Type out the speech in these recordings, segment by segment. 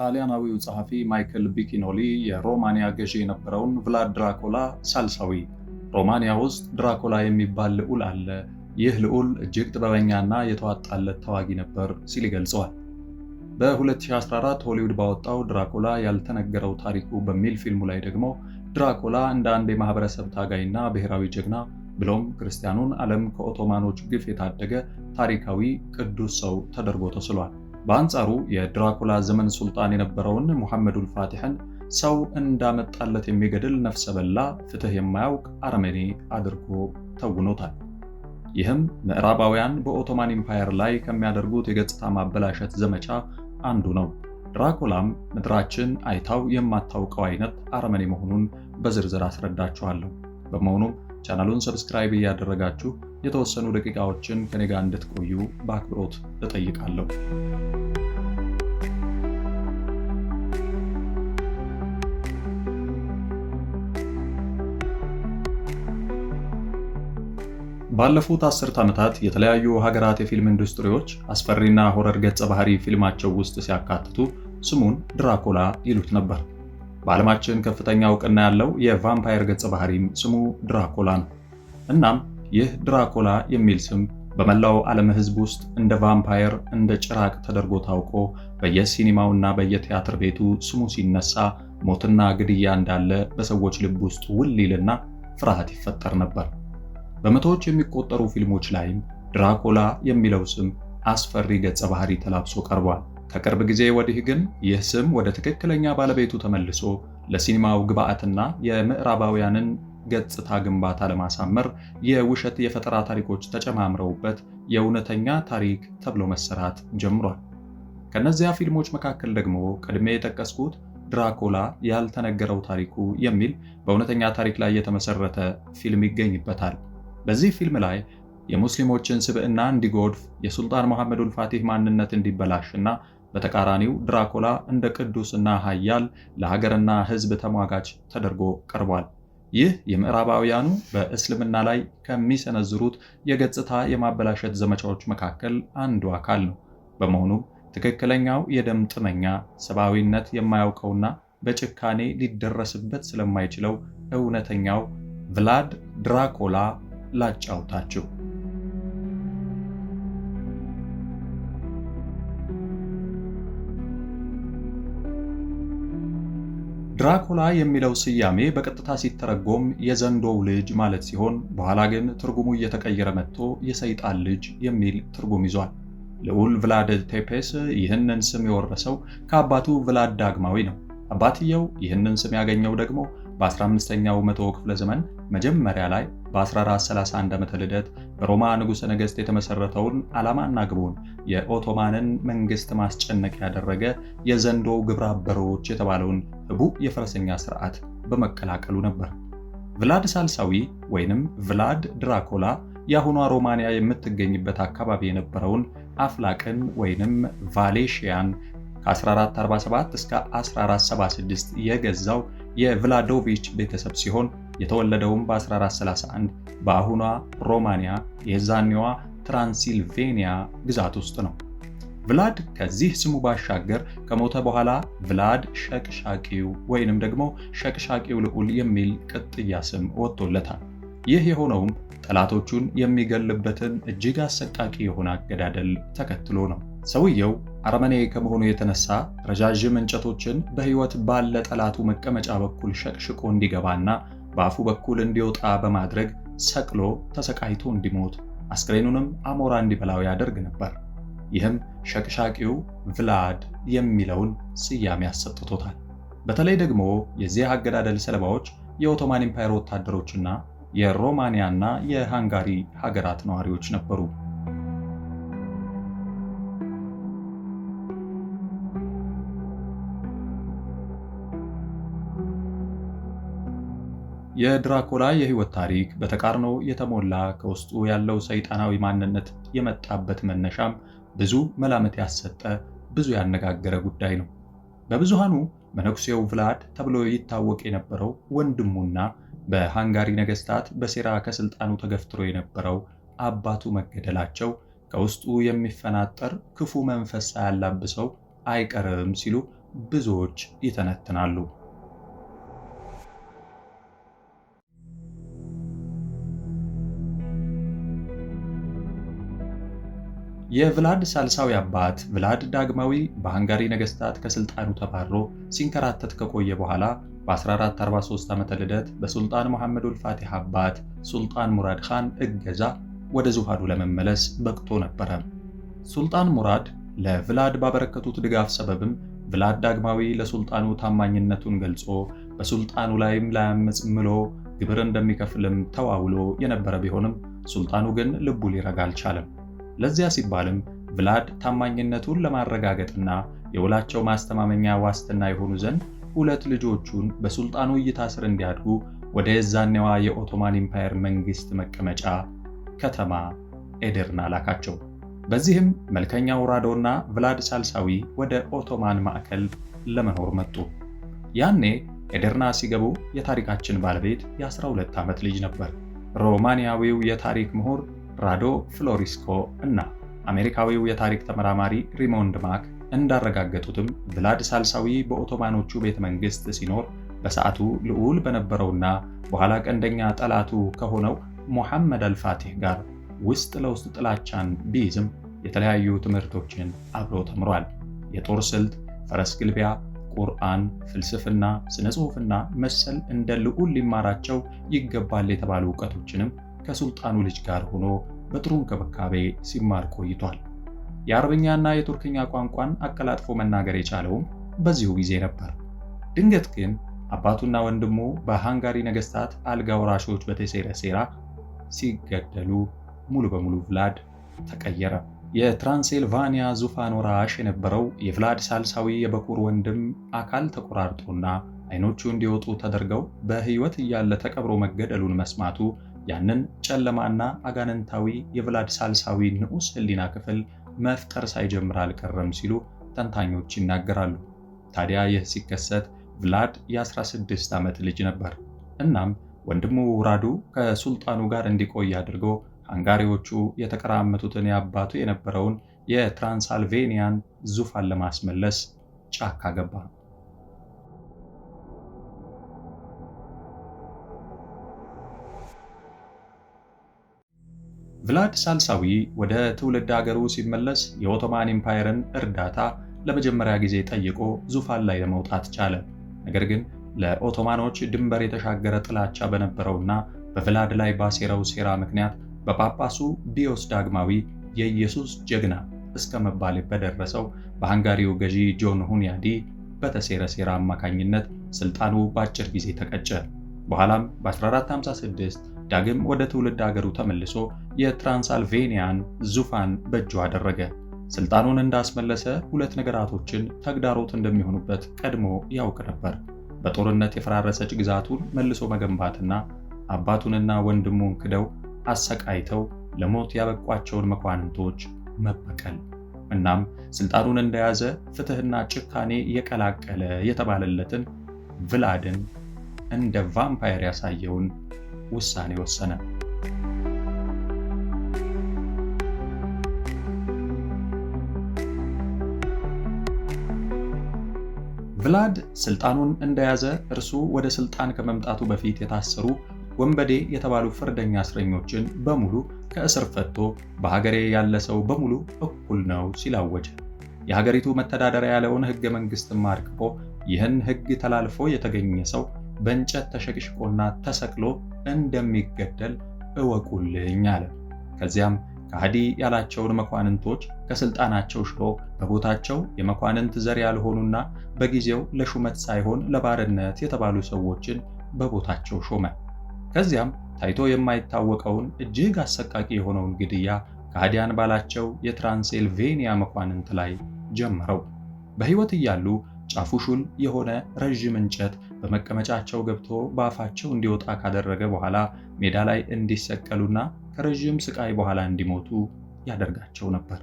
ጣሊያናዊው ጸሐፊ ማይክል ቢኪኖሊ የሮማንያ ገዢ የነበረውን ቭላድ ድራኮላ ሳልሳዊ ሮማንያ ውስጥ ድራኮላ የሚባል ልዑል አለ፣ ይህ ልዑል እጅግ ጥበበኛና የተዋጣለት ተዋጊ ነበር ሲል ይገልጸዋል። በ2014 ሆሊውድ ባወጣው ድራኮላ ያልተነገረው ታሪኩ በሚል ፊልሙ ላይ ደግሞ ድራኮላ እንደ አንድ የማህበረሰብ ታጋይና ብሔራዊ ጀግና ብሎም ክርስቲያኑን ዓለም ከኦቶማኖች ግፍ የታደገ ታሪካዊ ቅዱስ ሰው ተደርጎ ተስሏል። በአንጻሩ የድራኮላ ዘመን ሱልጣን የነበረውን ሙሐመዱል ፋቲሕን ሰው እንዳመጣለት የሚገድል ነፍሰ በላ፣ ፍትህ የማያውቅ አረመኔ አድርጎ ተውኖታል። ይህም ምዕራባውያን በኦቶማን ኢምፓየር ላይ ከሚያደርጉት የገጽታ ማበላሸት ዘመቻ አንዱ ነው። ድራኩላም ምድራችን አይታው የማታውቀው አይነት አረመኔ መሆኑን በዝርዝር አስረዳችኋለሁ። በመሆኑም ቻናሉን ሰብስክራይብ እያደረጋችሁ የተወሰኑ ደቂቃዎችን ከኔ ጋር እንድትቆዩ በአክብሮት እጠይቃለሁ። ባለፉት አስርት ዓመታት የተለያዩ ሀገራት የፊልም ኢንዱስትሪዎች አስፈሪና ሆረር ገጸ ባህሪ ፊልማቸው ውስጥ ሲያካትቱ ስሙን ድራኮላ ይሉት ነበር። በዓለማችን ከፍተኛ እውቅና ያለው የቫምፓየር ገጸ ባህሪም ስሙ ድራኮላ ነው። እናም ይህ ድራኮላ የሚል ስም በመላው ዓለም ሕዝብ ውስጥ እንደ ቫምፓየር እንደ ጭራቅ ተደርጎ ታውቆ በየሲኒማው እና በየቲያትር ቤቱ ስሙ ሲነሳ ሞትና ግድያ እንዳለ በሰዎች ልብ ውስጥ ውሊልና ፍርሃት ይፈጠር ነበር። በመቶዎች የሚቆጠሩ ፊልሞች ላይም ድራኮላ የሚለው ስም አስፈሪ ገጸ ባህሪ ተላብሶ ቀርቧል። ከቅርብ ጊዜ ወዲህ ግን ይህ ስም ወደ ትክክለኛ ባለቤቱ ተመልሶ ለሲኒማው ግብአትና የምዕራባውያንን ገጽታ ግንባታ ለማሳመር የውሸት የፈጠራ ታሪኮች ተጨማምረውበት የእውነተኛ ታሪክ ተብሎ መሰራት ጀምሯል። ከነዚያ ፊልሞች መካከል ደግሞ ቅድሜ የጠቀስኩት ድራኮላ ያልተነገረው ታሪኩ የሚል በእውነተኛ ታሪክ ላይ የተመሰረተ ፊልም ይገኝበታል። በዚህ ፊልም ላይ የሙስሊሞችን ስብዕና እንዲጎድፍ የሱልጣን መሐመዱል ፋቲህ ማንነት እንዲበላሽ እና በተቃራኒው ድራኮላ እንደ ቅዱስና ኃያል ለሀገርና ሕዝብ ተሟጋች ተደርጎ ቀርቧል። ይህ የምዕራባውያኑ በእስልምና ላይ ከሚሰነዝሩት የገጽታ የማበላሸት ዘመቻዎች መካከል አንዱ አካል ነው። በመሆኑም ትክክለኛው የደም ጥመኛ ሰብአዊነት የማያውቀውና በጭካኔ ሊደረስበት ስለማይችለው እውነተኛው ቭላድ ድራኮላ ላጫውታችሁ። ድራኩላ የሚለው ስያሜ በቀጥታ ሲተረጎም የዘንዶው ልጅ ማለት ሲሆን በኋላ ግን ትርጉሙ እየተቀየረ መጥቶ የሰይጣን ልጅ የሚል ትርጉም ይዟል። ልዑል ቭላድ ቴፔስ ይህንን ስም የወረሰው ከአባቱ ቭላድ ዳግማዊ ነው። አባትየው ይህንን ስም ያገኘው ደግሞ በ15ኛው መቶ ክፍለ ዘመን መጀመሪያ ላይ በ1431 ዓመተ ልደት በሮማ ንጉሠ ነገሥት የተመሠረተውን ዓላማና ግቡን የኦቶማንን መንግሥት ማስጨነቅ ያደረገ የዘንዶ ግብረ አበሮች የተባለውን ህቡ የፈረሰኛ ሥርዓት በመቀላቀሉ ነበር። ቭላድ ሳልሳዊ ወይንም ቭላድ ድራኮላ የአሁኗ ሮማንያ የምትገኝበት አካባቢ የነበረውን አፍላቅን ወይንም ቫሌሽያን ከ1447 እስከ 1476 የገዛው የቭላዶቪች ቤተሰብ ሲሆን የተወለደውም በ1431 በአሁኗ ሮማኒያ የዛኔዋ ትራንሲልቬኒያ ግዛት ውስጥ ነው። ቭላድ ከዚህ ስሙ ባሻገር ከሞተ በኋላ ቭላድ ሸቅሻቂው ወይንም ደግሞ ሸቅሻቂው ልዑል የሚል ቅጥያ ስም ወጥቶለታል። ይህ የሆነውም ጠላቶቹን የሚገልበትን እጅግ አሰቃቂ የሆነ አገዳደል ተከትሎ ነው። ሰውየው አረመኔ ከመሆኑ የተነሳ ረዣዥም እንጨቶችን በሕይወት ባለ ጠላቱ መቀመጫ በኩል ሸቅሽቆ እንዲገባና በአፉ በኩል እንዲወጣ በማድረግ ሰቅሎ ተሰቃይቶ እንዲሞት አስክሬኑንም አሞራ እንዲበላው ያደርግ ነበር። ይህም ሸቅሻቂው ቭላድ የሚለውን ስያሜ አሰጥቶታል። በተለይ ደግሞ የዚህ አገዳደል ሰለባዎች የኦቶማን ኢምፓየር ወታደሮችና የሮማንያና የሃንጋሪ ሀገራት ነዋሪዎች ነበሩ። የድራኮላ የህይወት ታሪክ በተቃርኖ የተሞላ ከውስጡ ያለው ሰይጣናዊ ማንነት የመጣበት መነሻም ብዙ መላምት ያሰጠ ብዙ ያነጋገረ ጉዳይ ነው። በብዙሃኑ መነኩሴው ቭላድ ተብሎ ይታወቅ የነበረው ወንድሙና በሃንጋሪ ነገስታት በሴራ ከስልጣኑ ተገፍትሮ የነበረው አባቱ መገደላቸው ከውስጡ የሚፈናጠር ክፉ መንፈስ ሳያላብሰው አይቀርም ሲሉ ብዙዎች ይተነትናሉ። የቭላድ ሳልሳዊ አባት ቭላድ ዳግማዊ በሃንጋሪ ነገስታት ከስልጣኑ ተባሮ ሲንከራተት ከቆየ በኋላ በ1443 ዓመተ ልደት በሱልጣን መሐመድ ፋቲህ አባት ሱልጣን ሙራድ ኻን እገዛ ወደ ዙሃዱ ለመመለስ በቅቶ ነበረ። ሱልጣን ሙራድ ለቭላድ ባበረከቱት ድጋፍ ሰበብም ቭላድ ዳግማዊ ለሱልጣኑ ታማኝነቱን ገልጾ በሱልጣኑ ላይም ላያመፅ ምሎ ግብር እንደሚከፍልም ተዋውሎ የነበረ ቢሆንም ሱልጣኑ ግን ልቡ ሊረጋ አልቻለም። ለዚያ ሲባልም ቭላድ ታማኝነቱን ለማረጋገጥና የውላቸው ማስተማመኛ ዋስትና የሆኑ ዘንድ ሁለት ልጆቹን በሱልጣኑ እይታ ስር እንዲያድጉ ወደ የዛኔዋ የኦቶማን ኢምፓየር መንግስት መቀመጫ ከተማ ኤደርና ላካቸው። በዚህም መልከኛው ራዶና ቭላድ ሳልሳዊ ወደ ኦቶማን ማዕከል ለመኖር መጡ። ያኔ ኤደርና ሲገቡ የታሪካችን ባለቤት የ12 ዓመት ልጅ ነበር። ሮማንያዊው የታሪክ ምሁር ራዶ ፍሎሪስኮ እና አሜሪካዊው የታሪክ ተመራማሪ ሪሞንድ ማክ እንዳረጋገጡትም ቭላድ ሳልሳዊ በኦቶማኖቹ ቤተ መንግስት ሲኖር በሰዓቱ ልዑል በነበረውና በኋላ ቀንደኛ ጠላቱ ከሆነው ሞሐመድ አልፋቲህ ጋር ውስጥ ለውስጥ ጥላቻን ቢይዝም የተለያዩ ትምህርቶችን አብሮ ተምሯል። የጦር ስልት፣ ፈረስ ግልቢያ፣ ቁርአን፣ ፍልስፍና፣ ስነ ጽሑፍና መሰል እንደ ልዑል ሊማራቸው ይገባል የተባሉ እውቀቶችንም ከሱልጣኑ ልጅ ጋር ሆኖ በጥሩ እንክብካቤ ሲማር ቆይቷል። የአረብኛና የቱርክኛ ቋንቋን አቀላጥፎ መናገር የቻለውም በዚሁ ጊዜ ነበር። ድንገት ግን አባቱና ወንድሙ በሃንጋሪ ነገስታት አልጋ ወራሾች በተሴረ ሴራ ሲገደሉ ሙሉ በሙሉ ቭላድ ተቀየረ። የትራንሴልቫኒያ ዙፋን ወራሽ የነበረው የቭላድ ሳልሳዊ የበኩር ወንድም አካል ተቆራርጦና አይኖቹ እንዲወጡ ተደርገው በህይወት እያለ ተቀብሮ መገደሉን መስማቱ ያንን ጨለማና አጋንንታዊ የቭላድ ሳልሳዊ ንዑስ ህሊና ክፍል መፍጠር ሳይጀምር አልቀረም ሲሉ ተንታኞች ይናገራሉ። ታዲያ ይህ ሲከሰት ቭላድ የ16 ዓመት ልጅ ነበር። እናም ወንድሙ ውራዱ ከሱልጣኑ ጋር እንዲቆይ አድርጎ ሃንጋሪዎቹ የተቀራመቱትን የአባቱ የነበረውን የትራንሳልቬኒያን ዙፋን ለማስመለስ ጫካ ገባ። ብላድ ሳልሳዊ ወደ ትውልድ አገሩ ሲመለስ የኦቶማን ኢምፓየርን እርዳታ ለመጀመሪያ ጊዜ ጠይቆ ዙፋን ላይ ለመውጣት ቻለ። ነገር ግን ለኦቶማኖች ድንበር የተሻገረ ጥላቻ በነበረውና በቭላድ ላይ ባሴረው ሴራ ምክንያት በጳጳሱ ቢዮስ ዳግማዊ የኢየሱስ ጀግና እስከ መባል በደረሰው በሃንጋሪው ገዢ ጆን ሁንያዲ በተሴረ ሴራ አማካኝነት ስልጣኑ በአጭር ጊዜ ተቀጨ። በኋላም በ1456 ዳግም ወደ ትውልድ አገሩ ተመልሶ የትራንሳልቬኒያን ዙፋን በእጁ አደረገ። ስልጣኑን እንዳስመለሰ ሁለት ነገራቶችን ተግዳሮት እንደሚሆኑበት ቀድሞ ያውቅ ነበር። በጦርነት የፈራረሰች ግዛቱን መልሶ መገንባትና አባቱንና ወንድሙን ክደው አሰቃይተው ለሞት ያበቋቸውን መኳንንቶች መበቀል። እናም ስልጣኑን እንደያዘ ፍትህና ጭካኔ የቀላቀለ የተባለለትን ቭላድን እንደ ቫምፓየር ያሳየውን ውሳኔ ወሰነ። ቭላድ ስልጣኑን እንደያዘ እርሱ ወደ ስልጣን ከመምጣቱ በፊት የታሰሩ ወንበዴ የተባሉ ፍርደኛ እስረኞችን በሙሉ ከእስር ፈቶ በሀገሬ ያለ ሰው በሙሉ እኩል ነው ሲላወጀ የሀገሪቱ መተዳደሪያ ያለውን ህገ መንግስትም አርቅቆ ይህን ህግ ተላልፎ የተገኘ ሰው በእንጨት ተሸቅሽቆና ተሰቅሎ እንደሚገደል እወቁልኝ አለ። ከዚያም ከሃዲ ያላቸውን መኳንንቶች ከስልጣናቸው ሽሮ በቦታቸው የመኳንንት ዘር ያልሆኑና በጊዜው ለሹመት ሳይሆን ለባርነት የተባሉ ሰዎችን በቦታቸው ሾመ። ከዚያም ታይቶ የማይታወቀውን እጅግ አሰቃቂ የሆነውን ግድያ ከሃዲያን ባላቸው የትራንሴልቬኒያ መኳንንት ላይ ጀመረው። በሕይወት እያሉ ጫፉ ሹል የሆነ ረዥም እንጨት በመቀመጫቸው ገብቶ በአፋቸው እንዲወጣ ካደረገ በኋላ ሜዳ ላይ እንዲሰቀሉና ከረዥም ስቃይ በኋላ እንዲሞቱ ያደርጋቸው ነበር።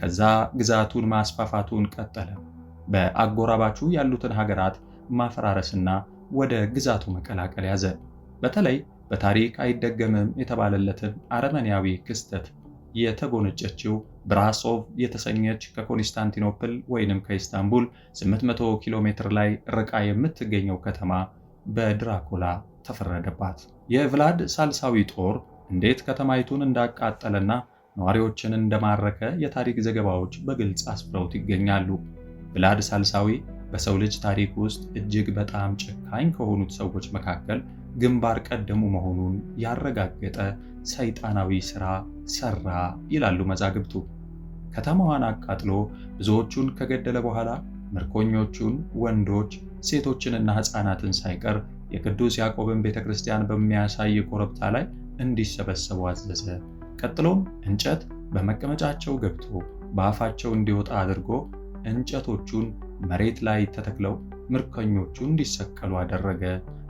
ከዛ ግዛቱን ማስፋፋቱን ቀጠለ። በአጎራባቹ ያሉትን ሀገራት ማፈራረስና ወደ ግዛቱ መቀላቀል ያዘ። በተለይ በታሪክ አይደገምም የተባለለትን አረመኔያዊ ክስተት የተጎነጨችው ብራሶቭ የተሰኘች ከኮንስታንቲኖፕል ወይንም ከኢስታንቡል 800 ኪሎ ሜትር ላይ ርቃ የምትገኘው ከተማ በድራኮላ ተፈረደባት። የቭላድ ሳልሳዊ ጦር እንዴት ከተማይቱን እንዳቃጠለና ነዋሪዎችን እንደማረከ የታሪክ ዘገባዎች በግልጽ አስፍረውት ይገኛሉ። ቭላድ ሳልሳዊ በሰው ልጅ ታሪክ ውስጥ እጅግ በጣም ጨካኝ ከሆኑት ሰዎች መካከል ግንባር ቀደሙ መሆኑን ያረጋገጠ ሰይጣናዊ ሥራ ሠራ ይላሉ መዛግብቱ። ከተማዋን አቃጥሎ ብዙዎቹን ከገደለ በኋላ ምርኮኞቹን ወንዶች፣ ሴቶችንና ሕፃናትን ሳይቀር የቅዱስ ያዕቆብን ቤተ ክርስቲያን በሚያሳይ ኮረብታ ላይ እንዲሰበሰቡ አዘዘ። ቀጥሎም እንጨት በመቀመጫቸው ገብቶ በአፋቸው እንዲወጣ አድርጎ እንጨቶቹን መሬት ላይ ተተክለው ምርኮኞቹ እንዲሰቀሉ አደረገ።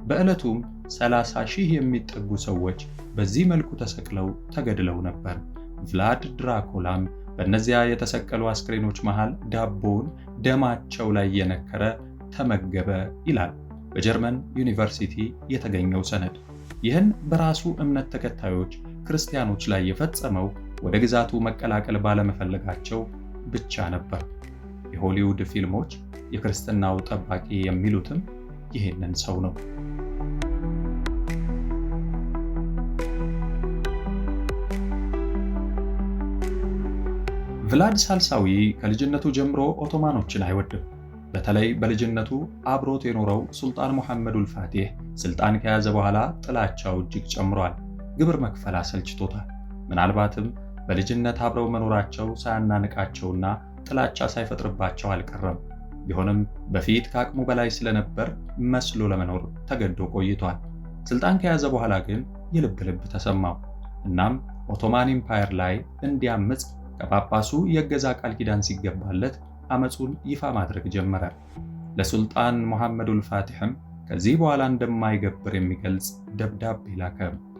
በዕለቱም ሰላሳ ሺህ የሚጠጉ ሰዎች በዚህ መልኩ ተሰቅለው ተገድለው ነበር። ቭላድ ድራኮላም በእነዚያ የተሰቀሉ አስክሬኖች መሃል ዳቦውን ደማቸው ላይ የነከረ ተመገበ ይላል በጀርመን ዩኒቨርሲቲ የተገኘው ሰነድ። ይህን በራሱ እምነት ተከታዮች ክርስቲያኖች ላይ የፈጸመው ወደ ግዛቱ መቀላቀል ባለመፈለጋቸው ብቻ ነበር። የሆሊውድ ፊልሞች የክርስትናው ጠባቂ የሚሉትም ይህንን ሰው ነው። ቭላድ ሳልሳዊ ከልጅነቱ ጀምሮ ኦቶማኖችን አይወድም። በተለይ በልጅነቱ አብሮት የኖረው ሱልጣን ሙሐመዱል ፋቲህ ስልጣን ከያዘ በኋላ ጥላቻው እጅግ ጨምሯል። ግብር መክፈል አሰልችቶታል። ምናልባትም በልጅነት አብረው መኖራቸው ሳያናንቃቸውና ጥላቻ ሳይፈጥርባቸው አልቀረም። ቢሆንም በፊት ከአቅሙ በላይ ስለነበር መስሎ ለመኖር ተገዶ ቆይቷል። ስልጣን ከያዘ በኋላ ግን የልብ ልብ ተሰማው። እናም ኦቶማን ኢምፓየር ላይ እንዲያምጽ ከጳጳሱ የእገዛ ቃል ኪዳን ሲገባለት አመፁን ይፋ ማድረግ ጀመረ። ለሱልጣን ሙሐመዱል ፋቲሕም ከዚህ በኋላ እንደማይገብር የሚገልጽ ደብዳቤ ላከ።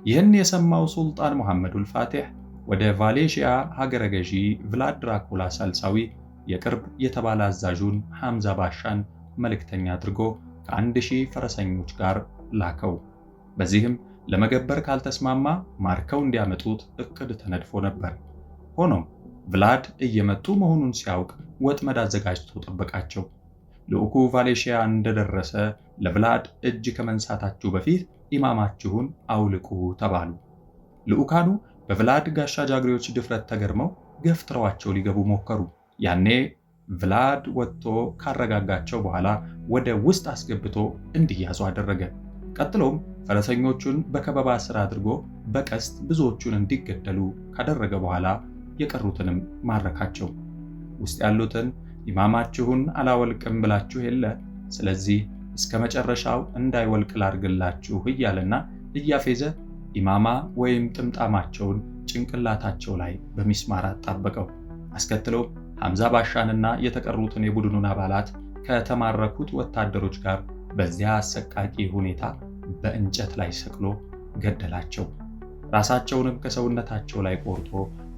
ይህን የሰማው ሱልጣን ሙሐመዱል ፋቲሕ ወደ ቫሌሽያ ሀገረ ገዢ ቭላድ ድራኩላ ሳልሳዊ የቅርብ የተባለ አዛዡን ሐምዛ ባሻን መልእክተኛ አድርጎ ከአንድ ሺህ ፈረሰኞች ጋር ላከው። በዚህም ለመገበር ካልተስማማ ማርከው እንዲያመጡት እቅድ ተነድፎ ነበር። ሆኖም ቭላድ እየመቱ መሆኑን ሲያውቅ ወጥመድ አዘጋጅቶ ጠበቃቸው። ልዑኩ ቫሌሽያ እንደደረሰ ለቭላድ እጅ ከመንሳታችሁ በፊት ኢማማችሁን አውልቁ ተባሉ። ልዑካኑ በቭላድ ጋሻ ጃግሬዎች ድፍረት ተገርመው ገፍትረዋቸው ሊገቡ ሞከሩ። ያኔ ቭላድ ወጥቶ ካረጋጋቸው በኋላ ወደ ውስጥ አስገብቶ እንዲያዙ አደረገ። ቀጥሎም ፈረሰኞቹን በከበባ ስር አድርጎ በቀስት ብዙዎቹን እንዲገደሉ ካደረገ በኋላ የቀሩትንም ማረካቸው። ውስጥ ያሉትን ኢማማችሁን አላወልቅም ብላችሁ የለ ስለዚህ እስከ መጨረሻው እንዳይወልቅ ላርግላችሁ እያለና እያፌዘ ኢማማ ወይም ጥምጣማቸውን ጭንቅላታቸው ላይ በሚስማር አጣበቀው። አስከትሎ ሐምዛ ባሻንና የተቀሩትን የቡድኑን አባላት ከተማረኩት ወታደሮች ጋር በዚያ አሰቃቂ ሁኔታ በእንጨት ላይ ሰቅሎ ገደላቸው። ራሳቸውንም ከሰውነታቸው ላይ ቆርጦ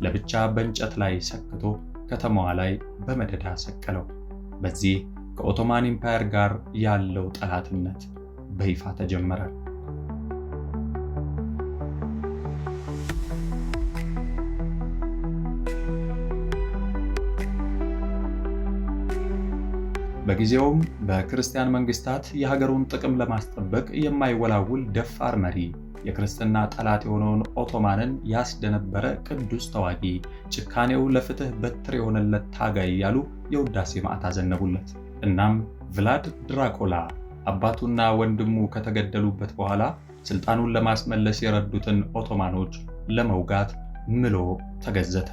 ለብቻ በእንጨት ላይ ሰክቶ ከተማዋ ላይ በመደዳ ሰቀለው። በዚህ ከኦቶማን ኢምፓየር ጋር ያለው ጠላትነት በይፋ ተጀመረ። በጊዜውም በክርስቲያን መንግስታት የሀገሩን ጥቅም ለማስጠበቅ የማይወላውል ደፋር መሪ የክርስትና ጠላት የሆነውን ኦቶማንን ያስደነበረ ቅዱስ ተዋጊ፣ ጭካኔው ለፍትህ በትር የሆነለት ታጋይ ያሉ የውዳሴ ማዕት አዘነቡለት። እናም ቭላድ ድራኮላ አባቱና ወንድሙ ከተገደሉበት በኋላ ስልጣኑን ለማስመለስ የረዱትን ኦቶማኖች ለመውጋት ምሎ ተገዘተ።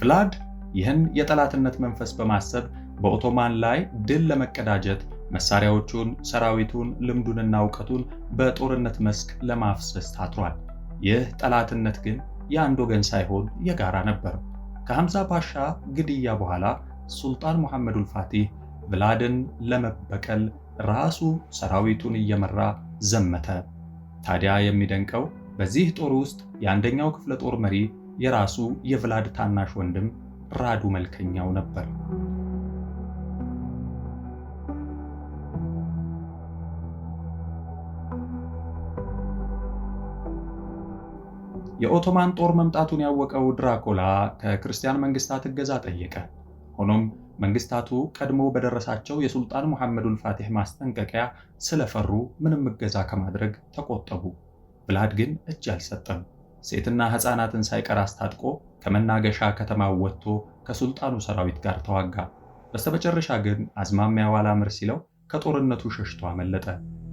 ቭላድ ይህን የጠላትነት መንፈስ በማሰብ በኦቶማን ላይ ድል ለመቀዳጀት መሳሪያዎቹን፣ ሰራዊቱን፣ ልምዱንና እውቀቱን በጦርነት መስክ ለማፍሰስ ታትሯል። ይህ ጠላትነት ግን የአንድ ወገን ሳይሆን የጋራ ነበር። ከሐምዛ ፓሻ ግድያ በኋላ ሱልጣን መሐመዱል ፋቲህ ቭላድን ለመበቀል ራሱ ሰራዊቱን እየመራ ዘመተ። ታዲያ የሚደንቀው በዚህ ጦር ውስጥ የአንደኛው ክፍለ ጦር መሪ የራሱ የቭላድ ታናሽ ወንድም ራዱ መልከኛው ነበር። የኦቶማን ጦር መምጣቱን ያወቀው ድራኮላ ከክርስቲያን መንግስታት እገዛ ጠየቀ። ሆኖም መንግስታቱ ቀድሞ በደረሳቸው የሱልጣን ሙሐመዱን ፋቲሕ ማስጠንቀቂያ ስለፈሩ ምንም እገዛ ከማድረግ ተቆጠቡ። ብላድ ግን እጅ አልሰጠም። ሴትና ሕፃናትን ሳይቀር አስታጥቆ ከመናገሻ ከተማው ወጥቶ ከሱልጣኑ ሰራዊት ጋር ተዋጋ። በስተመጨረሻ ግን አዝማሚያው አላምር ሲለው ከጦርነቱ ሸሽቶ አመለጠ።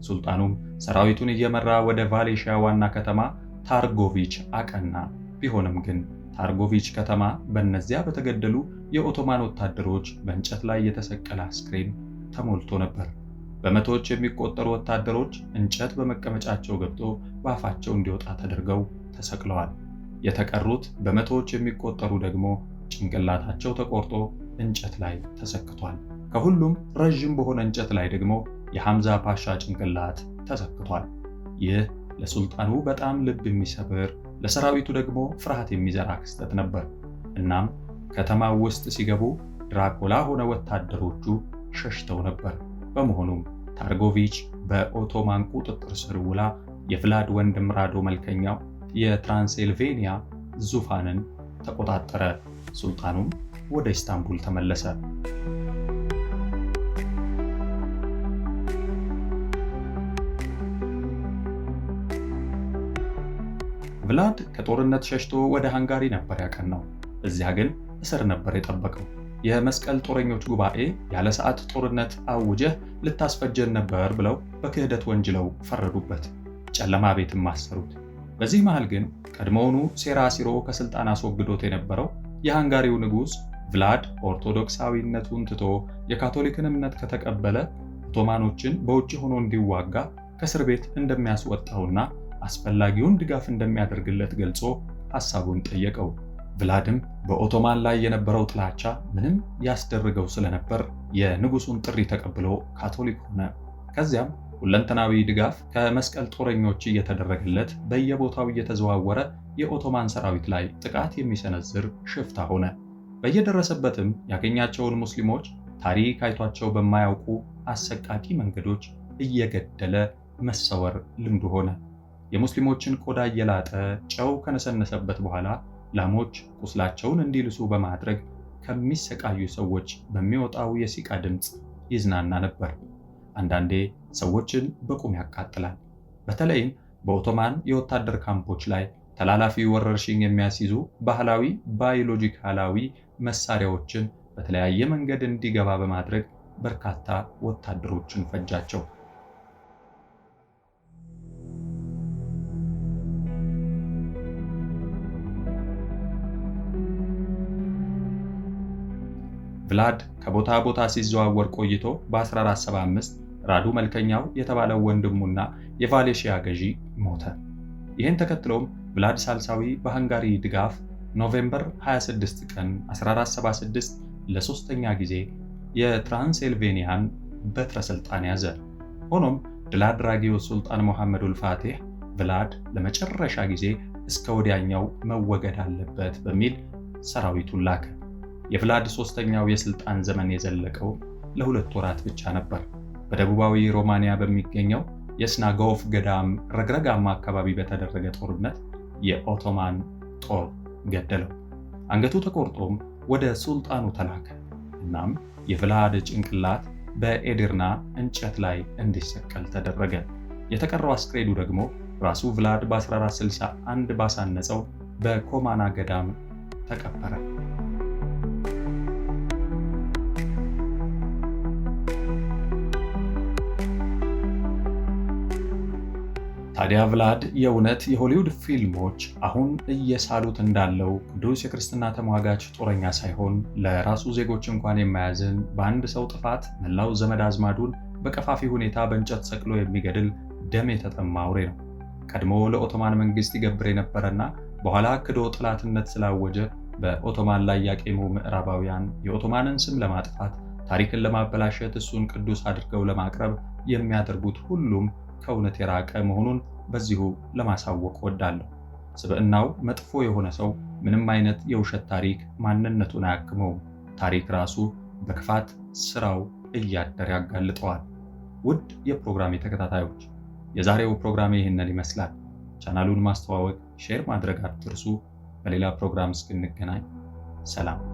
ሱልጣኑም ሰራዊቱን እየመራ ወደ ቫሌሽያ ዋና ከተማ ታርጎቪች አቀና። ቢሆንም ግን ታርጎቪች ከተማ በእነዚያ በተገደሉ የኦቶማን ወታደሮች በእንጨት ላይ የተሰቀለ አስክሬን ተሞልቶ ነበር። በመቶዎች የሚቆጠሩ ወታደሮች እንጨት በመቀመጫቸው ገብቶ በአፋቸው እንዲወጣ ተደርገው ተሰቅለዋል። የተቀሩት በመቶዎች የሚቆጠሩ ደግሞ ጭንቅላታቸው ተቆርጦ እንጨት ላይ ተሰክቷል። ከሁሉም ረዥም በሆነ እንጨት ላይ ደግሞ የሐምዛ ፓሻ ጭንቅላት ተሰክቷል። ይህ ለሱልጣኑ በጣም ልብ የሚሰብር ለሰራዊቱ ደግሞ ፍርሃት የሚዘራ ክስተት ነበር። እናም ከተማው ውስጥ ሲገቡ ድራኮላ ሆነ ወታደሮቹ ሸሽተው ነበር። በመሆኑም ታርጎቪች በኦቶማን ቁጥጥር ስር ውላ የቭላድ ወንድም ራዶ መልከኛው የትራንስልቬንያ ዙፋንን ተቆጣጠረ። ሱልጣኑም ወደ ኢስታንቡል ተመለሰ። ቭላድ ከጦርነት ሸሽቶ ወደ ሃንጋሪ ነበር ያቀናው። እዚያ ግን እስር ነበር የጠበቀው። የመስቀል ጦረኞች ጉባኤ ያለ ሰዓት ጦርነት አውጀህ ልታስፈጀን ነበር ብለው በክህደት ወንጅለው ፈረዱበት። ጨለማ ቤትም አሰሩት። በዚህ መሃል ግን ቀድሞውኑ ሴራ ሲሮ ከስልጣን አስወግዶት የነበረው የሃንጋሪው ንጉሥ ቭላድ ኦርቶዶክሳዊነቱን ትቶ የካቶሊክን እምነት ከተቀበለ ኦቶማኖችን በውጭ ሆኖ እንዲዋጋ ከእስር ቤት እንደሚያስወጣውና አስፈላጊውን ድጋፍ እንደሚያደርግለት ገልጾ ሐሳቡን ጠየቀው። ቭላድም በኦቶማን ላይ የነበረው ጥላቻ ምንም ያስደረገው ስለነበር የንጉሱን ጥሪ ተቀብሎ ካቶሊክ ሆነ። ከዚያም ሁለንተናዊ ድጋፍ ከመስቀል ጦረኞች እየተደረገለት በየቦታው እየተዘዋወረ የኦቶማን ሰራዊት ላይ ጥቃት የሚሰነዝር ሽፍታ ሆነ። በየደረሰበትም ያገኛቸውን ሙስሊሞች ታሪክ አይቷቸው በማያውቁ አሰቃቂ መንገዶች እየገደለ መሰወር ልምዱ ሆነ። የሙስሊሞችን ቆዳ እየላጠ ጨው ከነሰነሰበት በኋላ ላሞች ቁስላቸውን እንዲልሱ በማድረግ ከሚሰቃዩ ሰዎች በሚወጣው የሲቃ ድምፅ ይዝናና ነበር። አንዳንዴ ሰዎችን በቁም ያቃጥላል። በተለይም በኦቶማን የወታደር ካምፖች ላይ ተላላፊ ወረርሽኝ የሚያስይዙ ባህላዊ ባዮሎጂካላዊ መሳሪያዎችን በተለያየ መንገድ እንዲገባ በማድረግ በርካታ ወታደሮችን ፈጃቸው። ቭላድ ከቦታ ቦታ ሲዘዋወር ቆይቶ በ1475 ራዱ መልከኛው የተባለው ወንድሙና የቫሌሽያ ገዢ ሞተ። ይህን ተከትሎም ቭላድ ሳልሳዊ በሃንጋሪ ድጋፍ ኖቬምበር 26 ቀን 1476 ለሶስተኛ ጊዜ የትራንስልቬኒያን በትረ ስልጣን ያዘ። ሆኖም ድል አድራጊው ሱልጣን መሐመዱል ኡልፋቴህ ቭላድ ለመጨረሻ ጊዜ እስከ ወዲያኛው መወገድ አለበት በሚል ሰራዊቱን ላከ። የቭላድ ሶስተኛው የስልጣን ዘመን የዘለቀው ለሁለት ወራት ብቻ ነበር። በደቡባዊ ሮማንያ በሚገኘው የስናጎፍ ገዳም ረግረጋማ አካባቢ በተደረገ ጦርነት የኦቶማን ጦር ገደለው። አንገቱ ተቆርጦም ወደ ሱልጣኑ ተላከ። እናም የቭላድ ጭንቅላት በኤድርና እንጨት ላይ እንዲሰቀል ተደረገ። የተቀረው አስክሬዱ ደግሞ ራሱ ቭላድ በ1461 ባሳነጸው በኮማና ገዳም ተቀበረ። ታዲያ ቭላድ የእውነት የሆሊውድ ፊልሞች አሁን እየሳሉት እንዳለው ቅዱስ የክርስትና ተሟጋች ጦረኛ ሳይሆን ለራሱ ዜጎች እንኳን የማያዝን በአንድ ሰው ጥፋት መላው ዘመድ አዝማዱን በቀፋፊ ሁኔታ በእንጨት ሰቅሎ የሚገድል ደም የተጠማ አውሬ ነው። ቀድሞ ለኦቶማን መንግስት ይገብር የነበረና በኋላ ክዶ ጠላትነት ስላወጀ በኦቶማን ላይ ያቄሙ ምዕራባውያን የኦቶማንን ስም ለማጥፋት ታሪክን ለማበላሸት እሱን ቅዱስ አድርገው ለማቅረብ የሚያደርጉት ሁሉም ከእውነት የራቀ መሆኑን በዚሁ ለማሳወቅ ወዳለሁ። ስብዕናው መጥፎ የሆነ ሰው ምንም አይነት የውሸት ታሪክ ማንነቱን አያክመውም። ታሪክ ራሱ በክፋት ስራው እያደር ያጋልጠዋል። ውድ የፕሮግራሜ ተከታታዮች የዛሬው ፕሮግራሜ ይህንን ይመስላል። ቻናሉን ማስተዋወቅ፣ ሼር ማድረግ አትርሱ። በሌላ ፕሮግራም እስክንገናኝ ሰላም።